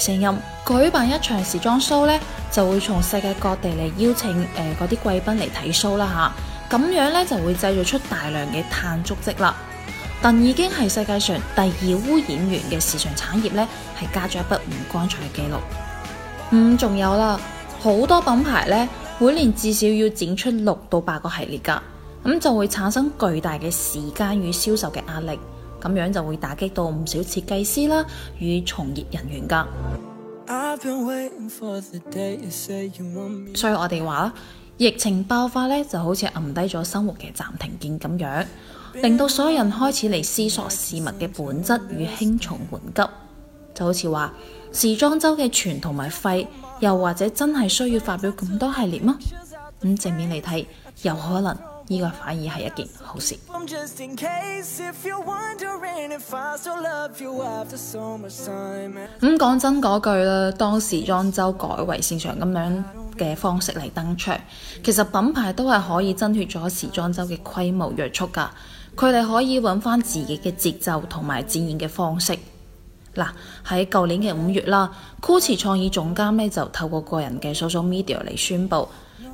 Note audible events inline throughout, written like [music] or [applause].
聲音。舉辦一場時裝 show 咧，就會從世界各地嚟邀請誒嗰啲貴賓嚟睇 show 啦吓，咁樣咧就會製造出大量嘅碳足跡啦。但已經係世界上第二污染源嘅時尚產業咧，係加咗一筆唔光彩嘅記錄。嗯，仲有啦，好多品牌咧每年至少要展出六到八個系列噶，咁就會產生巨大嘅時間與銷售嘅壓力。咁樣就會打擊到唔少設計師啦與從業人員噶。Day, you you 所以我哋話疫情爆發咧就好似按低咗生活嘅暫停鍵咁樣，令到所有人開始嚟思索事物嘅本質與輕重緩急。就好似話時裝周嘅存同埋廢，又或者真係需要發表咁多系列咩？咁正面嚟睇，有可能。呢個反而係一件好事。咁講、嗯、真嗰句啦，當時裝周改為線上咁樣嘅方式嚟登場，其實品牌都係可以掙脫咗時裝周嘅規模約束㗎，佢哋可以揾翻自己嘅節奏同埋展現嘅方式。嗱，喺舊年嘅五月啦，Gucci 創意總監咧就透過個人嘅 social media 嚟宣佈，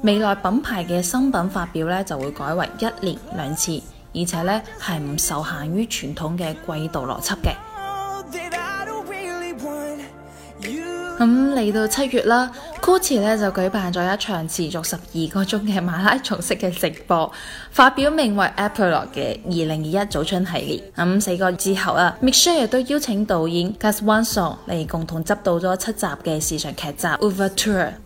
未來品牌嘅新品發表咧就會改為一年兩次，而且咧係唔受限於傳統嘅季度邏輯嘅。咁嚟到七月啦。Gucci 咧就舉辦咗一場持續十二個鐘嘅馬拉松式嘅直播，發表名為 Epilogue 嘅二零二一早春系列。咁、嗯、四個月之後啊 Michele 都邀請導演 Gus Van Sant 嚟共同執導咗七集嘅時尚劇集《Ouverture》，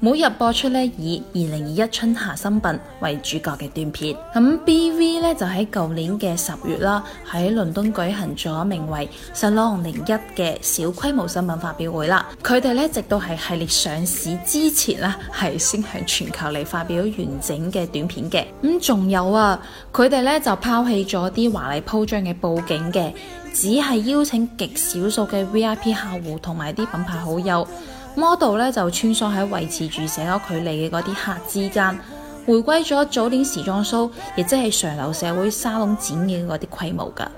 每日播出咧以二零二一春夏新品為主角嘅短片。咁、嗯、BV 咧就喺舊年嘅十月啦，喺倫敦舉行咗名為 Salon 01的小規模新品發表會啦。佢哋咧直到系系列上市之之前呢，係先向全球嚟發表完整嘅短片嘅，咁、嗯、仲有啊，佢哋咧就拋棄咗啲華麗鋪張嘅佈景嘅，只係邀請極少數嘅 VIP 客戶同埋啲品牌好友，model 咧就穿梭喺維持住社交距離嘅嗰啲客之間，回歸咗早年時裝 show，亦即係上流社會沙龍展嘅嗰啲規模噶。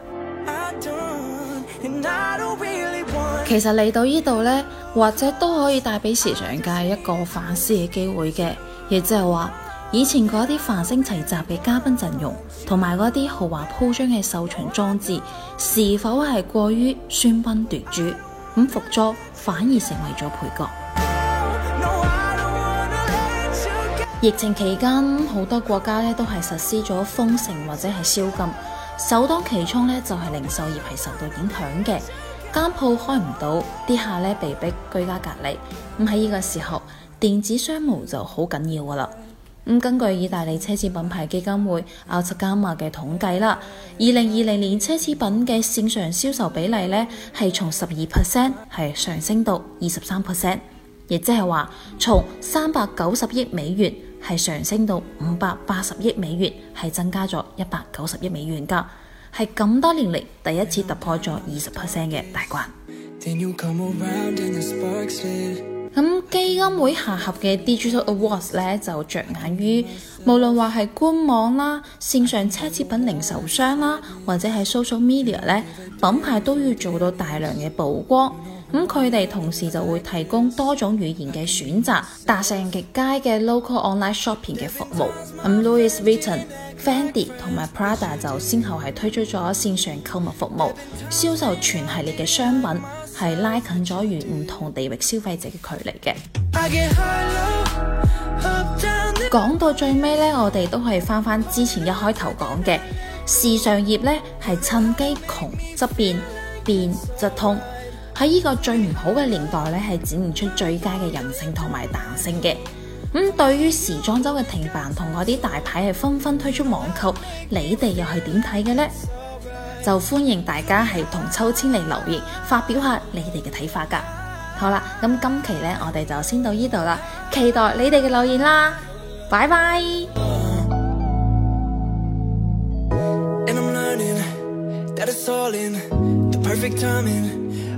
其實嚟到呢度呢，或者都可以帶俾時尚界一個反思嘅機會嘅，亦即係話，以前嗰啲繁星齊集嘅嘉賓陣容，同埋嗰啲豪華鋪張嘅秀場裝置，是否係過於喧賓奪主？咁服裝反而成為咗配角。 [music] 疫情期間，好多國家呢都係實施咗封城或者係宵禁，首當其衝呢，就係零售業係受到影響嘅。間鋪開唔到，啲客咧，被逼居家隔離。咁喺呢個時候，電子商務就好緊要噶啦。咁、嗯、根據意大利奢侈品牌基金會 Altagamma 嘅統計啦，二零二零年奢侈品嘅線上銷售比例咧係從十二 percent 係上升到二十三 percent，亦即係話從三百九十億美元係上升到五百八十億美元，係增加咗一百九十億美元噶。係咁多年嚟第一次突破咗二十 percent 嘅大關。咁、嗯、基金會下合嘅 Digital Awards 咧，就着眼於無論話係官網啦、線上奢侈品零售商啦，或者係 social media 咧，品牌都要做到大量嘅曝光。咁佢哋同時就會提供多種語言嘅選擇，達成極佳嘅 local online shopping 嘅服務。Louis Vuitton、Fendi 同埋 Prada 就先後係推出咗線上購物服務，銷售全系列嘅商品，係拉近咗與唔同地域消費者嘅距離嘅。講到最尾咧，我哋都係返返之前一開頭講嘅時尚業咧，係趁機窮則變，變則通。喺呢個最唔好嘅年代咧，係展現出最佳嘅韌性同埋彈性嘅。咁對於時裝周嘅停辦同嗰啲大牌係紛紛推出網購，你哋又係點睇嘅呢？就歡迎大家係同秋千嚟留言，發表下你哋嘅睇法噶。好啦，咁今期咧我哋就先到呢度啦，期待你哋嘅留言啦，拜拜。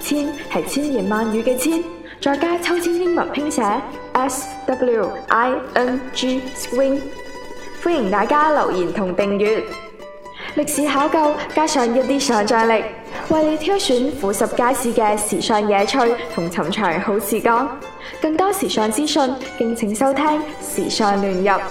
千係千言萬語嘅千，再加秋千英文拼寫 S W I N G swing。歡迎大家留言同訂閱。歷史考究加上一啲想象力，為你挑選富十街市嘅時尚野趣同尋常好時光。更多時尚資訊，敬請收聽時尚亂入。